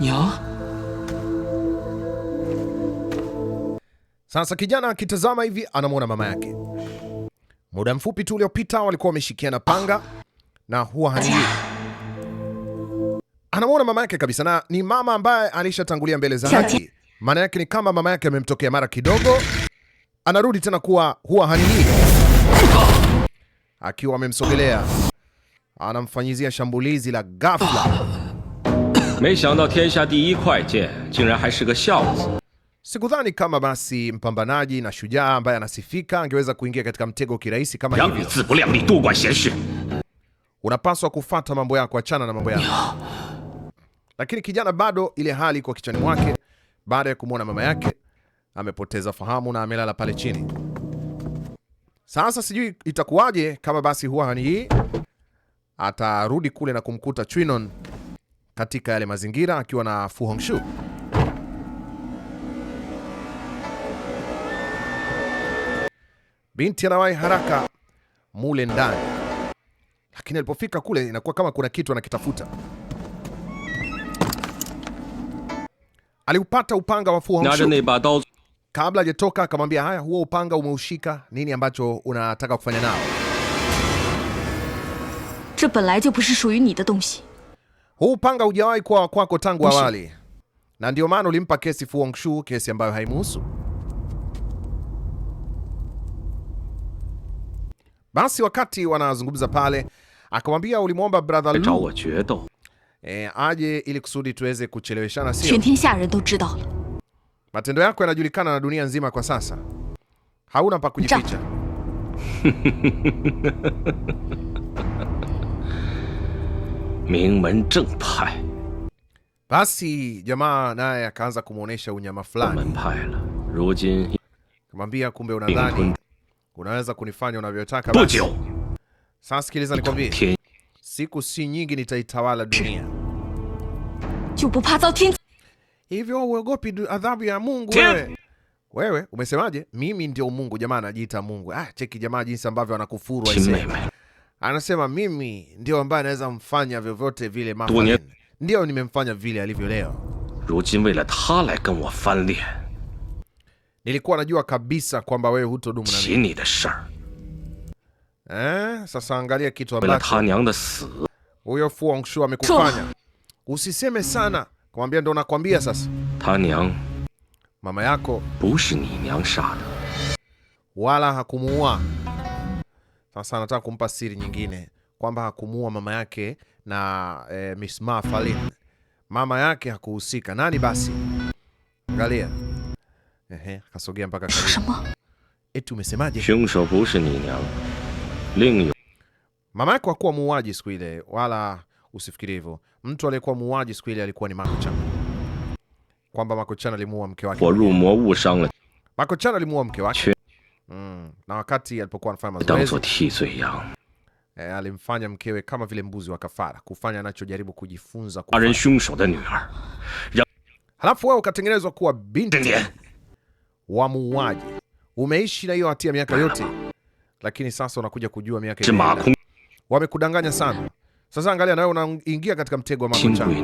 Nyo? Sasa kijana akitazama hivi anamwona mama yake. Muda mfupi tu uliopita walikuwa wameshikiana panga na huwa hanjui. Anamwona mama yake kabisa na ni mama ambaye alishatangulia mbele za haki. Maana yake ni kama mama yake amemtokea mara kidogo, anarudi tena kuwa huwa hanini, akiwa amemsogelea anamfanyizia shambulizi la ghafla. 没想到天下第一快剑竟然还是个孝子。Sikudhani kama basi mpambanaji na shujaa ambaye anasifika angeweza kuingia katika mtego kirahisi kama hivyo. Unapaswa kufata mambo yako, achana na mambo yako. Lakini kijana bado ile hali kwa kichwani mwake, baada ya kumwona mama yake amepoteza fahamu na amelala pale chini. Sasa sijui itakuwaje kama basi huwa hii atarudi kule na kumkuta Chwinon katika yale mazingira akiwa na Fu Hongxue. Binti anawahi haraka mule ndani, lakini alipofika kule inakuwa kama kuna kitu anakitafuta. Aliupata upanga wa Fu Hongxue kabla hajatoka, akamwambia haya, huo upanga umeushika, nini ambacho unataka kufanya nao? Huu upanga hujawahi kuwa kwako tangu awali, na ndio maana ulimpa kesi Fu Hongxue, kesi ambayo haimuhusu. Basi wakati wanazungumza pale, akamwambia ulimwomba brother Lu e, aje ili kusudi tuweze kucheleweshana, sio? Matendo yako yanajulikana na dunia nzima kwa sasa, hauna pa kujificha. 名门正派。Basi jamaa naye akaanza kumwonyesha unyama fulani, kamwambia kumbe unadhani unaweza kunifanya unavyotaka? Basi sasa sikiliza nikwambie, siku si nyingi nitaitawala dunia. Hivyo uogopi adhabu ya Mungu wewe? Wewe umesemaje? Mimi ndio Mungu. Jamaa anajiita Mungu. Ah, cheki jamaa jinsi ambavyo anakufuru aisee anasema mimi ndio ambaye anaweza mfanya vyovyote vile mama, ndio nimemfanya vile alivyo leo. Nilikuwa najua kabisa kwamba wewe hutodumu na mimi. Eh, sasa angalia kitu ambacho huyo Fu Hongxue amekufanya. Usiseme sana, kumwambia ndo nakwambia sasa. Mama yako wala hakumuua sasa anataka kumpa siri nyingine kwamba hakumuua mama yake na e, Miss Mafalin, mama yake hakuhusika. Nani basi? Angalia, ehe, akasogea mpaka karibu. Eti umesemaje? Mama yako hakuwa muuaji siku ile, wala usifikiri hivyo. Mtu aliyekuwa muuaji siku ile alikuwa ni Mako-chan, kwamba Mako-chan alimuua mke wake. Mako-chan alimuua mke wake. Mm. Na wakati alipokuwa anafanya mazoezi e, alimfanya mkewe kama vile mbuzi wa kafara kufanya anachojaribu kujifunza Halafu wewe ukatengenezwa kuwa binti wa muuaji. Umeishi na hiyo hatia miaka yote, lakini sasa unakuja kujua miaka Wamekudanganya sana. Sasa angalia na wewe unaingia katika mtego wa mambo chana.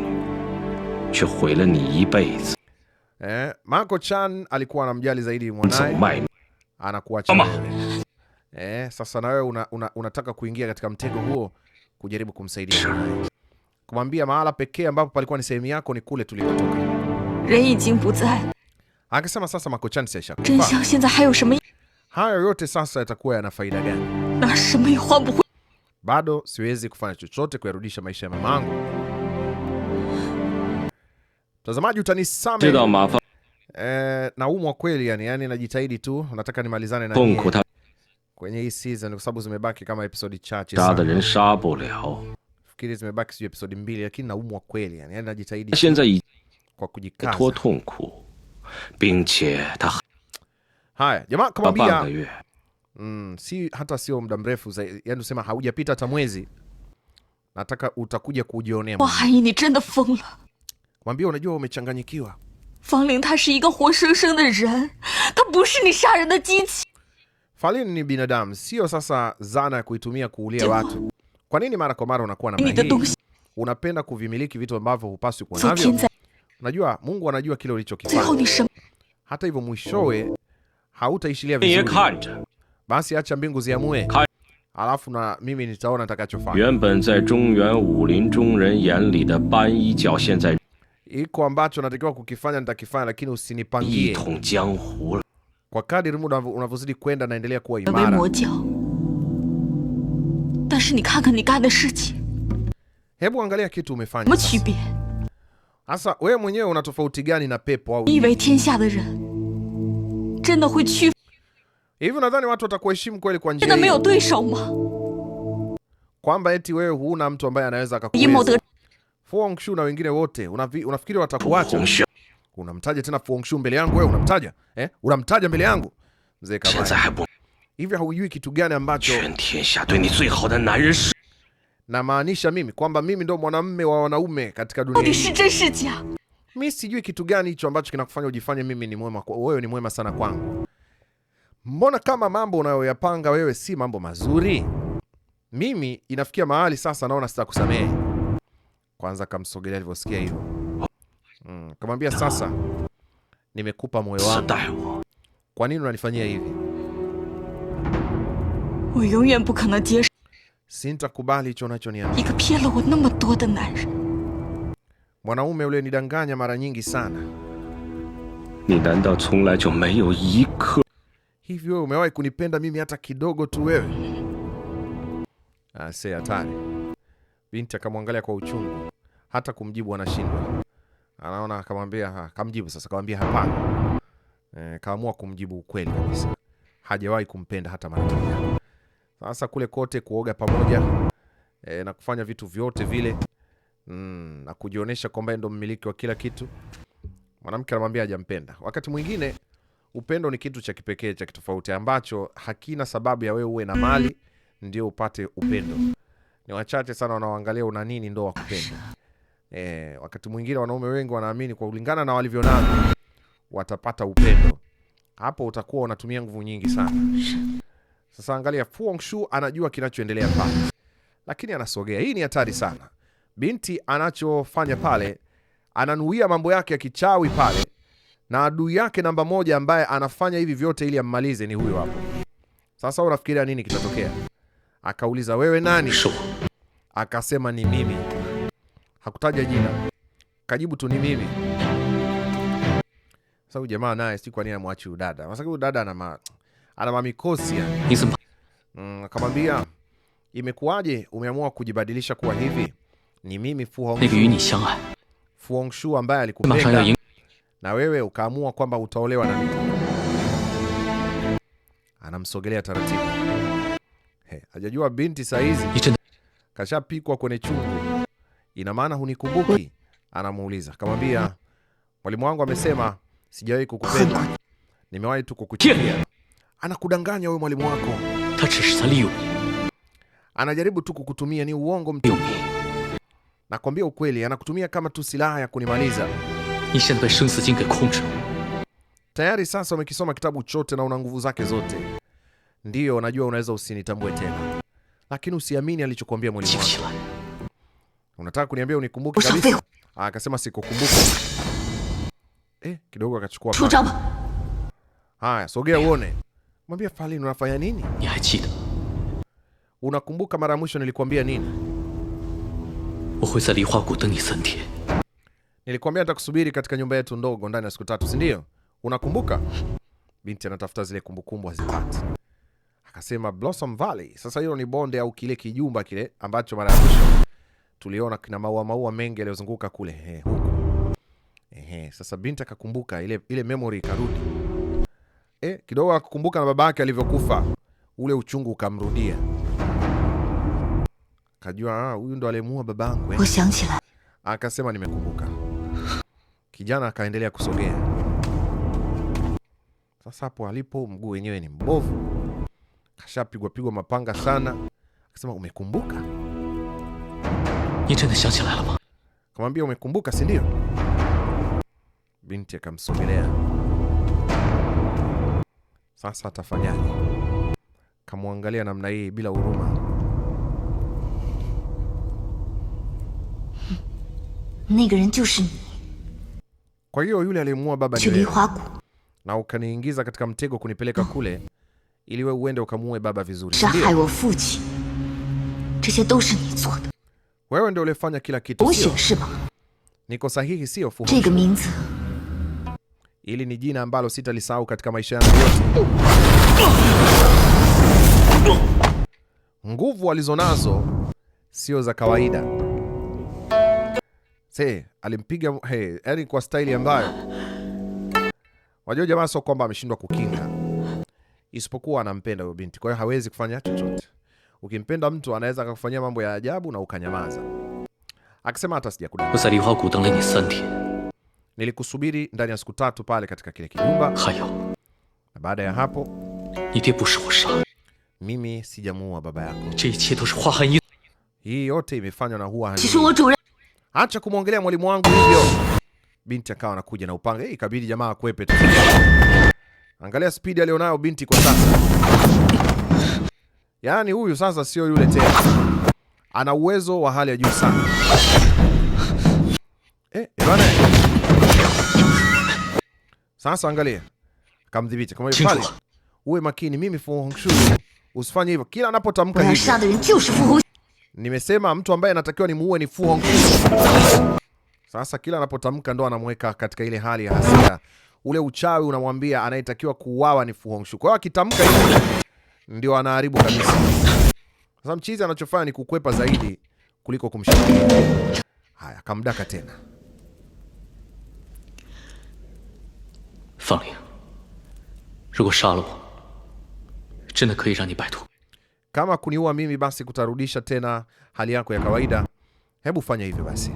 Eh, Mako Chan alikuwa anamjali zaidi mwanae anakuacha wewe. Eh, sasa na wewe una, una, unataka kuingia katika mtego huo kujaribu kumsaidia. Kumwambia mahala pekee ambapo palikuwa ni sehemu yako ni kule tulikotoka. Akasema sasa Mako-chan ashakufa. Hayo yote sasa yatakuwa yana faida gani? Bado siwezi kufanya chochote kuyarudisha maisha ya mamangu. Mtazamaji utanisamehe. Eh, naumwa kweli yani, yani najitahidi tu, nataka nimalizane na yeye kwenye hii season kwa sababu zimebaki kama episode chache sana. Fikiri zimebaki sio episode mbili, lakini naumwa kweli yani, yani najitahidi kwa kujikaza. Haya jamaa kamwambia mm, si hata sio muda mrefu zaidi, yani usema haujapita hata mwezi, nataka utakuja kujionea. Mwambia unajua umechanganyikiwa 方玲她是一个活生生的人，她不是你杀人的机器。Falin ni binadamu, sio sasa zana ya kuitumia kuulia watu. Kwa nini mara kwa mara unakuwa na hii? Unapenda kuvimiliki vitu ambavyo hupaswi kuwa navyo. Unajua Mungu anajua kile ulichokifanya. Hata hivyo mwishowe hautaishilia vizuri. Basi acha mbingu ziamue. Alafu na mimi nitaona nitakachofanya iko ambacho natakiwa kukifanya nitakifanya, lakini usinipangie. Kwa kadiri muda unavyozidi kwenda, naendelea kuwa imara. Hebu angalia kitu umefanya sasa. Wewe mwenyewe una tofauti gani na pepo au hivi? Nadhani watu watakuheshimu kweli kwa njia kwamba eti wewe huna mtu ambaye anaweza akakuweza Fu Hongxue na wengine wote unafikiri watakuacha? Unamtaja tena Fu Hongxue mbele yangu wewe, unamtaja eh? Unamtaja mbele yangu mzee kama hivi, haujui kitu gani ambacho namaanisha mimi kwamba mimi ndo mwanamme wa wanaume katika dunia. hii. Mimi sijui kitu gani hicho ambacho kinakufanya ujifanye mimi ni mwema, wewe ni mwema sana kwangu. Mbona kama mambo unayoyapanga wewe si mambo mazuri? Mimi inafikia mahali sasa naona sitakusamehe. Kwanza akamsogelea alivyosikia hivyo. Mm, kamwambia sasa nimekupa moyo wangu. Kwa nini unanifanyia hivi? Sintakubali hicho unachoniambia. Mwanaume ule nidanganya mara nyingi sana. Hivi wewe umewahi kunipenda mimi hata kidogo tu wewe? Ase ah, hatari. Binti akamwangalia kwa uchungu hata kumjibu anashindwa. Anaona akamwambia ha, ah, kamjibu sasa, kamwambia hapana. E, kaamua kumjibu ukweli kabisa. Hajawahi kumpenda hata mara moja. Sasa kule kote kuoga pamoja e, na kufanya vitu vyote vile mm, na kujionyesha kwamba ndo mmiliki wa kila kitu, mwanamke anamwambia hajampenda. Wakati mwingine upendo ni kitu cha kipekee cha kitofauti ambacho hakina sababu ya wewe uwe na mali ndio upate upendo. Ni wachache sana wanaoangalia una nini ndo wakupenda eh, wakati mwingine wanaume wengi wanaamini kwa kulingana na walivyo walivyonavyo watapata upendo. Hapo utakuwa unatumia nguvu nyingi sana. Sasa angalia, Fu Hongxue anajua kinachoendelea pale, lakini anasogea. Hii ni hatari sana. Binti anachofanya pale, ananuia mambo yake ya kichawi pale, na adui yake namba moja ambaye anafanya hivi vyote ili ammalize ni huyo hapo. Sasa unafikiria nini kitatokea? Akauliza, wewe nani? Akasema, ni mimi hakutaja jina, kajibu tu ni mimi. Sasa huyu jamaa naye si kwa nini amwachi udada, kwa sababu huyu dada ana ma ana mamikosi yani. Mm, akamwambia imekuwaje umeamua kujibadilisha kuwa hivi? Ni mimi Fu Hongxue. Fu Hongxue ambaye alikupenda na wewe ukaamua kwamba utaolewa na mimi. Anamsogelea taratibu. He, hajajua binti saizi kashapikwa kwenye chungu ina maana hunikumbuki? Anamuuliza. Kamwambia, mwalimu wangu amesema sijawahi kukupenda, nimewahi tu kukuchukia. Anakudanganya huyo mwalimu wako, anajaribu tu kukutumia. Ni uongo mtupu, nakwambia ukweli. Anakutumia kama tu silaha ya kunimaliza. Tayari sasa umekisoma kitabu chote na una nguvu zake zote. Ndiyo, najua unaweza usinitambue tena, lakini usiamini alichokuambia mwalimu wako. Unataka kuniambia unikumbuke kabisa? Ah, akasema sikukumbuki. Eh, kidogo akachukua. Haya, sogea uone. Mwambie Falin unafanya nini? Unakumbuka mara mwisho nilikwambia nini? Nilikwambia nitakusubiri katika nyumba yetu ndogo ndani ya siku tatu, si ndio? Unakumbuka? Binti anatafuta zile kumbukumbu hazipati. Akasema Blossom Valley. Sasa hilo ni bonde au kile kijumba kile ambacho mara ya mwisho tuliona kina maua maua mengi yaliyozunguka kule he, huko ehe. Sasa binti akakumbuka ile, ile memory ikarudi e, kidogo akakumbuka na baba yake alivyokufa, ule uchungu ukamrudia, kajua ah, huyu ndo aliyemuua babangu eh. Akasema nimekumbuka. Kijana akaendelea kusogea. Sasa hapo alipo mguu wenyewe ni mbovu, kashapigwa pigwa mapanga sana. Akasema umekumbuka kamwambia umekumbuka, si ndio? Binti akamsogelea. Sasa atafanyaje? Kamwangalia namna hii bila huruma. Kwa hiyo yule aliyemuua baba ni wewe, na ukaniingiza katika mtego kunipeleka oh. kule ili wewe uende ukamuue baba vizuri, ndio? Wewe ndio ulifanya kila kitu. Niko sahihi, sio fuhusha. Hili ni jina ambalo sitalisahau katika maisha yangu yote. Nguvu alizonazo sio za kawaida. Se, alimpiga hey, yani kwa staili ambayo wajua jamaa sio kwamba ameshindwa kukinga, isipokuwa anampenda huyo binti, kwa hiyo hawezi kufanya chochote. Ukimpenda mtu anaweza akakufanyia mambo ya ajabu na ukanyamaza. Akisema hata sijakudanganya, nilikusubiri ndani ya siku tatu pale katika kile kijumba, na baada ya hapo mimi sijamuua baba yako. Hii yote imefanywa na hua. Acha kumwongelea mwalimu wangu hivyo. Binti akawa anakuja na upanga. Ikabidi jamaa akwepe. Angalia spidi alionayo binti kwa sasa. Yaani huyu sasa sio yule tena, ana uwezo wa hali ya juu sana. Eh, eh bwana. Sasa angalia, kamdhibiti kama hivi pale. Uwe makini, mimi Fu Hongxue, usifanye hivyo kila anapotamka hivi, Nimesema mtu ambaye anatakiwa nimuue ni Fu Hongxue. Sasa kila anapotamka ndo anamweka katika ile hali ya hasira. Ule uchawi unamwambia anayetakiwa kuuawa ni Fu Hongxue. Kwa hiyo akitamka hivi ndio anaharibu kabisa. Sasa mchizi anachofanya ni kukwepa zaidi kuliko kumshikilia. Haya, kamdaka tena. Kama kuniua mimi basi kutarudisha tena hali yako ya kawaida. Hebu fanya hivyo basi.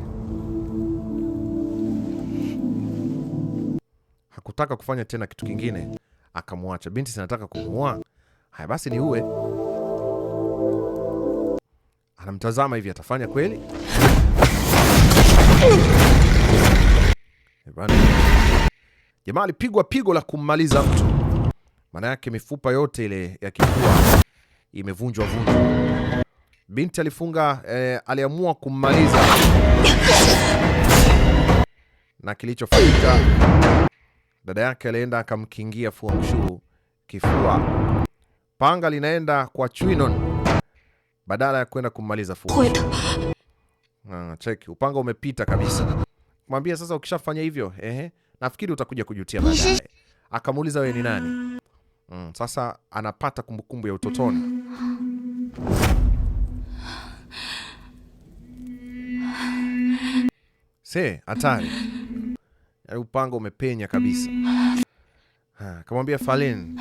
Hakutaka kufanya tena kitu kingine, akamwacha. Binti anataka kumuua Haya basi, ni uwe anamtazama hivi, atafanya kweli? Eh, Jamaa alipigwa pigo la kummaliza mtu, maana yake mifupa yote ile ya kifua imevunjwa vunjwa. Binti alifunga eh, aliamua kummaliza na kilichofanyika dada yake alienda akamkingia fua kifua Panga linaenda kwa Chwinon badala ya kwenda kumaliza Fu. Ah, cheki, upanga umepita kabisa. Mwambie sasa ukishafanya hivyo, ehe, nafikiri utakuja kujutia baadaye. Akamuuliza wewe ni nani? Mm, sasa anapata kumbukumbu ya utotoni. Se, hatari. Yaani upanga umepenya kabisa. Ha, ah, kamwambia Falin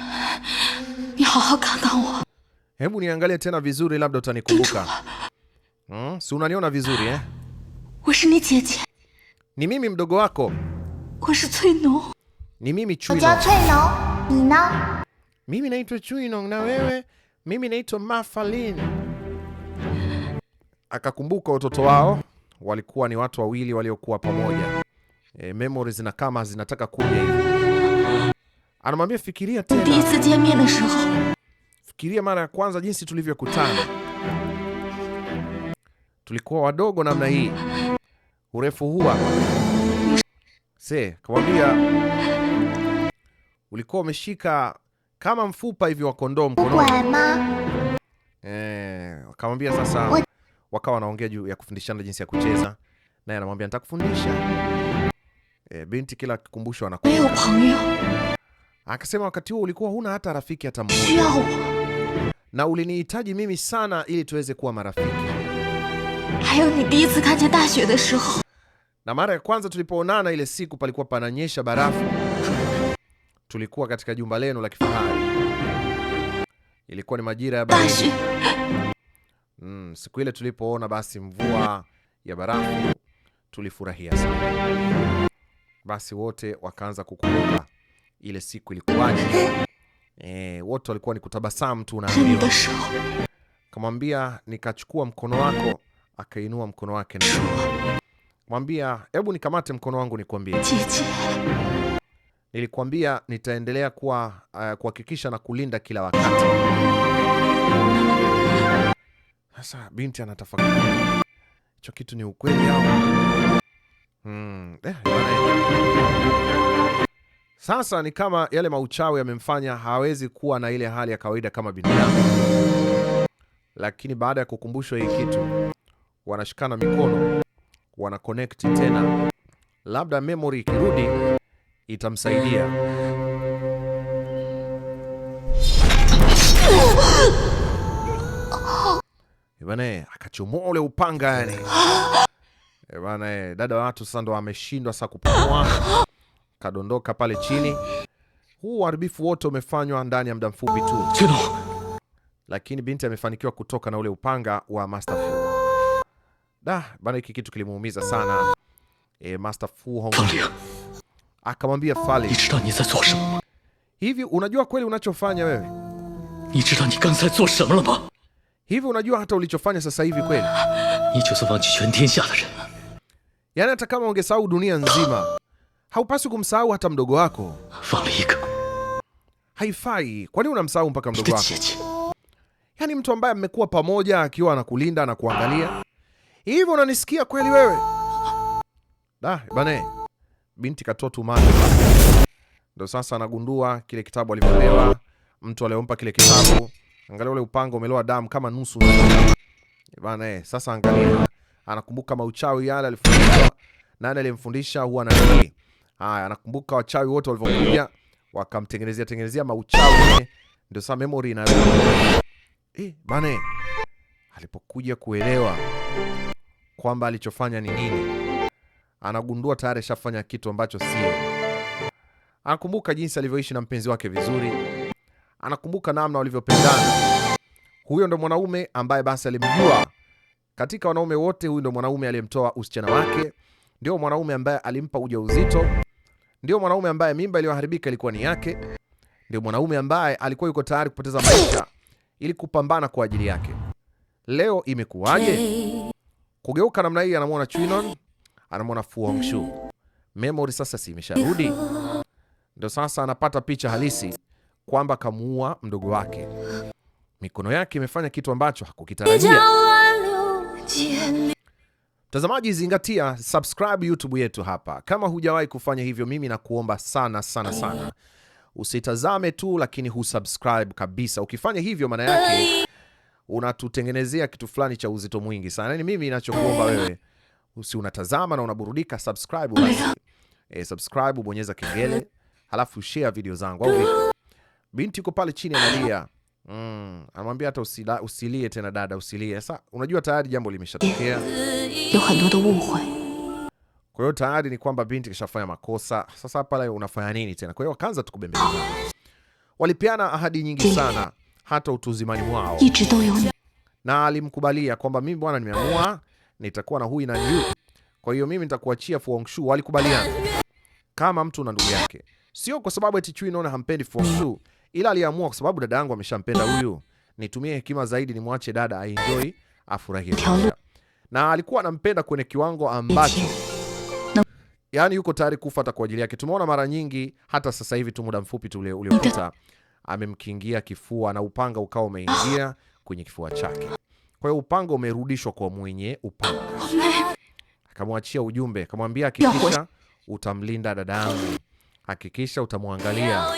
Hebu niangalie tena vizuri, labda utanikumbuka. Hmm, si unaniona vizuri eh? Ni mimi mdogo wako. Ni mimi Chui Nong. Mimi naitwa Chui Nong na wewe? Mimi naitwa Ma Fangling. Akakumbuka watoto wao, walikuwa ni watu wawili waliokuwa pamoja. E, memories na kama zinataka kuja hivi anamwambia fikiria tena. Fikiria mara ya kwanza jinsi tulivyokutana, tulikuwa wadogo namna hii, urefu huwa se kamwambia, ulikuwa umeshika kama mfupa hivi wa kondoo mkononi eh, akamwambia sasa. Wakawa wanaongea juu ya kufundishana jinsi ya kucheza, naye anamwambia nitakufundisha. Eh, binti kila kikumbusho anakuwa Akasema wakati huo ulikuwa huna hata rafiki hata mmoja, na ulinihitaji mimi sana ili tuweze kuwa marafiki. Na mara ya kwanza tulipoonana ile siku palikuwa pananyesha barafu, tulikuwa katika jumba lenu la kifahari, ilikuwa ni majira ya baridi. Mm, siku ile tulipoona basi mvua ya barafu tulifurahia sana. Basi wote wakaanza kukumbuka ile siku ilikuwaje? E, wote walikuwa ni kutabasamu tu na kamwambia, nikachukua mkono wako, akainua mkono wake na mwambia, hebu nikamate mkono wangu nikwambie, nilikwambia nitaendelea kuwa eh, kuhakikisha na kulinda kila wakati. Sasa binti anatafakari hicho kitu ni ukweli au? Hmm. Eh, sasa ni kama yale mauchawi yamemfanya hawezi kuwa na ile hali ya kawaida kama binadamu, lakini baada ya kukumbushwa hii kitu, wanashikana mikono, wana connect tena, labda memory ikirudi itamsaidia. Ebane akachomoa ule upanga yani. Ebane dada watu sasa ndo ameshindwa sasa kupumua kadondoka pale chini. Huu uharibifu wote umefanywa ndani ya muda mfupi tu, lakini binti amefanikiwa kutoka na ule upanga wa Master Fu. Da, bana hiki kitu kilimuumiza sana. E, Master Fu Hongxue akamwambia Fali, hivi unajua kweli unachofanya wewe? Hivi unajua hata ulichofanya sasa hivi kweli? Yani hata kama ungesahau dunia nzima Haupaswi kumsahau hata mdogo wako. Haifai. Kwa nini unamsahau mpaka mdogo wako? Yaani mtu ambaye amekuwa pamoja akiwa anakulinda na kuangalia Hivi unanisikia kweli wewe? Da, bane binti katoa tumani, Ndio sasa anagundua kile kitabu alipolewa, mtu aliyompa kile kitabu. Angalia ule upanga umeloa damu kama nusu bane. Sasa angalia, anakumbuka mauchawi yale alifundishwa, nani alimfundisha, huwa na nini? Haya, anakumbuka wachawi wote walivyokuja wakamtengenezea tengenezea mauchawi, ndio sasa memory na eh bane. Alipokuja kuelewa kwamba alichofanya ni nini, anagundua tayari ashafanya kitu ambacho sio. Anakumbuka jinsi alivyoishi na mpenzi wake vizuri, anakumbuka namna walivyopendana. Huyo ndo mwanaume ambaye basi alimjua katika wanaume wote, huyu ndo mwanaume aliyemtoa usichana wake, ndio mwanaume ambaye alimpa ujauzito ndio mwanaume ambaye mimba iliyoharibika ilikuwa ni yake. Ndio mwanaume ambaye alikuwa yuko tayari kupoteza maisha ili kupambana kwa ajili yake. Leo imekuwaje? Kugeuka namna hii, anamwona Chwinon, anamwona Fu Hongxue. Memory sasa si imesharudi, ndio sasa anapata picha halisi kwamba kamuua mdogo wake. Mikono yake imefanya kitu ambacho hakukitarajia. Mtazamaji, zingatia subscribe YouTube yetu hapa. Kama hujawahi kufanya hivyo, mimi nakuomba sana sana sana usitazame tu, lakini husubscribe kabisa. Ukifanya hivyo, maana yake unatutengenezea kitu fulani cha uzito mwingi sana. Yani mimi ninachokuomba wewe, usi unatazama na unaburudika, subscribe basi. E, subscribe, bonyeza kengele, halafu share video zangu. Au binti uko pale chini analia Mm, anamwambia hata usila, usilie tena dada, usilie. Sasa unajua tayari jambo limeshatokea. Kwa hiyo tayari ni kwamba binti kishafanya makosa. Sasa hapa leo unafanya nini tena? Kwa hiyo wakaanza tukubembelezana. Walipeana ahadi nyingi sana hata utuzimani wao. Na alimkubalia kwamba mimi bwana, nimeamua nitakuwa na huyu na yule. Kwa hiyo mimi nitakuachia Fu Hongxue. Walikubaliana. Kama mtu na ndugu yake. Sio kwa sababu eti Chui naona hampendi Fu Hongxue ila aliamua kwa sababu dada yangu ameshampenda huyu, nitumie hekima zaidi, nimwache dada aenjoy, afurahie. Na alikuwa anampenda kwenye kiwango ambacho yani yuko tayari kufa hata kwa ajili yake. Tumeona mara nyingi, hata sasa hivi tu muda mfupi tu uliopita amemkingia kifua na upanga ukawa umeingia kwenye kifua chake. Kwa hiyo upanga umerudishwa kwa mwenye upanga. Akamwachia ujumbe, akamwambia hakikisha utamlinda dadangu, hakikisha utamwangalia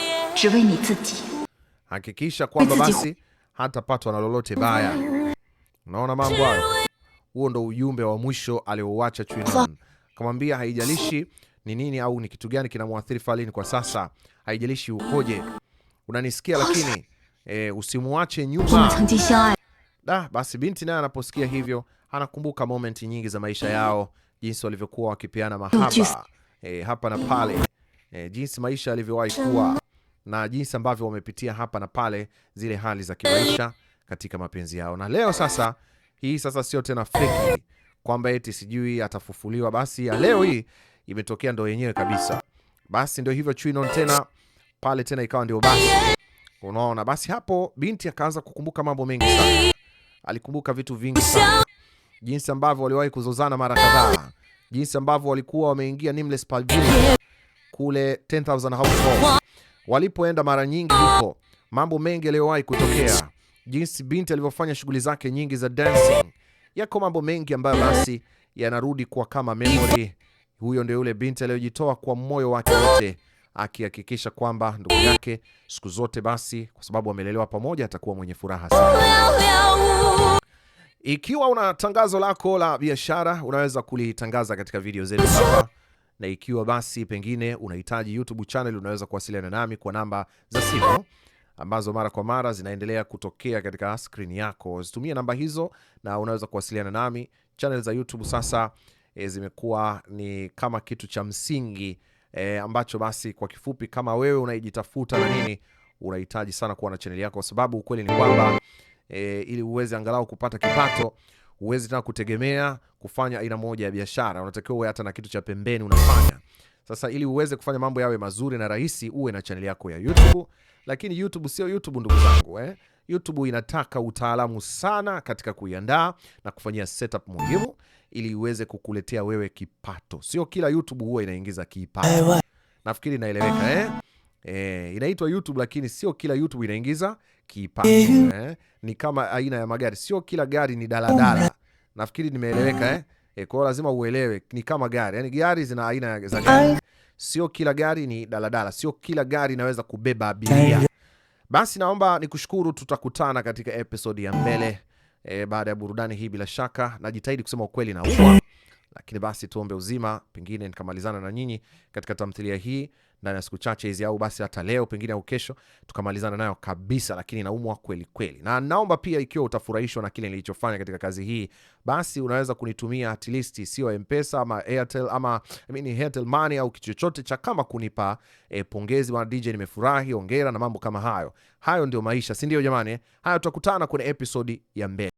hakikisha kwamba basi hatapatwa na lolote baya. Unaona mambo hayo? Huo ndo ujumbe wa mwisho aliouacha haijalishi ni nini au ni kitu gani kinamwathiri Falin kwa sasa, haijalishi ukoje, unanisikia lakini e, nyuma. Da, basi binti naye anaposikia hivyo anakumbuka momenti nyingi za maisha yao, jinsi walivyokuwa wakipeana mahaba e, hapa na pale e, jinsi maisha yalivyowahi kuwa na jinsi ambavyo wamepitia hapa na pale zile hali za kimaisha katika mapenzi yao. Na leo sasa, hii sasa sio tena fake kwamba eti sijui atafufuliwa, basi ya leo hii imetokea ndo yenyewe kabisa. Basi ndio hivyo Chino tena pale tena ikawa ndio basi. Unaona, basi hapo binti akaanza kukumbuka mambo mengi sana. Alikumbuka vitu vingi sana. Jinsi ambavyo waliwahi kuzozana mara kadhaa. Jinsi ambavyo walikuwa wameingia Nameless Palgini kule 10000 household. Walipoenda mara nyingi huko, mambo mengi yaliyowahi kutokea, jinsi binti alivyofanya shughuli zake nyingi za dancing. Yako mambo mengi ambayo basi yanarudi kwa kama memory. Huyo ndio yule binti aliyojitoa kwa moyo wake wote, akihakikisha kwamba ndugu yake siku zote basi, kwa sababu amelelewa pamoja, atakuwa mwenye furaha sana. Ikiwa una tangazo lako la biashara, unaweza kulitangaza katika video zetu hapa na ikiwa basi pengine unahitaji YouTube channel, unaweza kuwasiliana nami kwa namba za simu ambazo mara kwa mara zinaendelea kutokea katika skrini yako. Zitumie namba hizo na unaweza kuwasiliana nami. Channel za YouTube sasa e, zimekuwa ni kama kitu cha msingi e, ambacho basi kwa kifupi, kama wewe unaijitafuta na nini, unahitaji sana kuwa na channel yako, kwa sababu ukweli ni kwamba e, ili uweze angalau kupata kipato huwezi tena kutegemea kufanya aina moja ya biashara, unatakiwa uwe hata na kitu cha pembeni unafanya. Sasa ili uweze kufanya mambo yawe mazuri na rahisi, uwe na chaneli yako ya YouTube. Lakini YouTube sio YouTube ndugu zangu eh. YouTube inataka utaalamu sana katika kuiandaa na kufanyia setup muhimu ili iweze kukuletea wewe kipato. Sio kila YouTube huwa inaingiza kipato. Nafikiri naeleweka eh. E, inaitwa YouTube lakini sio kila YouTube inaingiza kipato eh. Ni kama aina ya magari, sio kila gari ni daladala. Nafikiri nimeeleweka eh? E, kwa hiyo lazima uelewe ni kama gari, yani gari zina aina za gari, sio kila gari ni daladala, sio kila gari inaweza kubeba abiria. Basi naomba nikushukuru, tutakutana katika episodi ya mbele e, baada ya burudani hii. Bila shaka najitahidi kusema ukweli na ufa, lakini basi tuombe uzima, pengine nikamalizana na nyinyi katika tamthilia hii ndani ya siku chache hizi, au basi hata leo pengine au kesho tukamalizana nayo kabisa, lakini naumwa kweli kweli. Na naomba pia, ikiwa utafurahishwa na kile nilichofanya katika kazi hii, basi unaweza kunitumia at least, sio Mpesa ama Airtel ama I mean Airtel Money au kitu chochote cha kama kunipa e, pongezi bwana DJ, nimefurahi, hongera na mambo kama hayo. Hayo ndio maisha, si ndio jamani? haya tutakutana kwenye episodi ya mbele.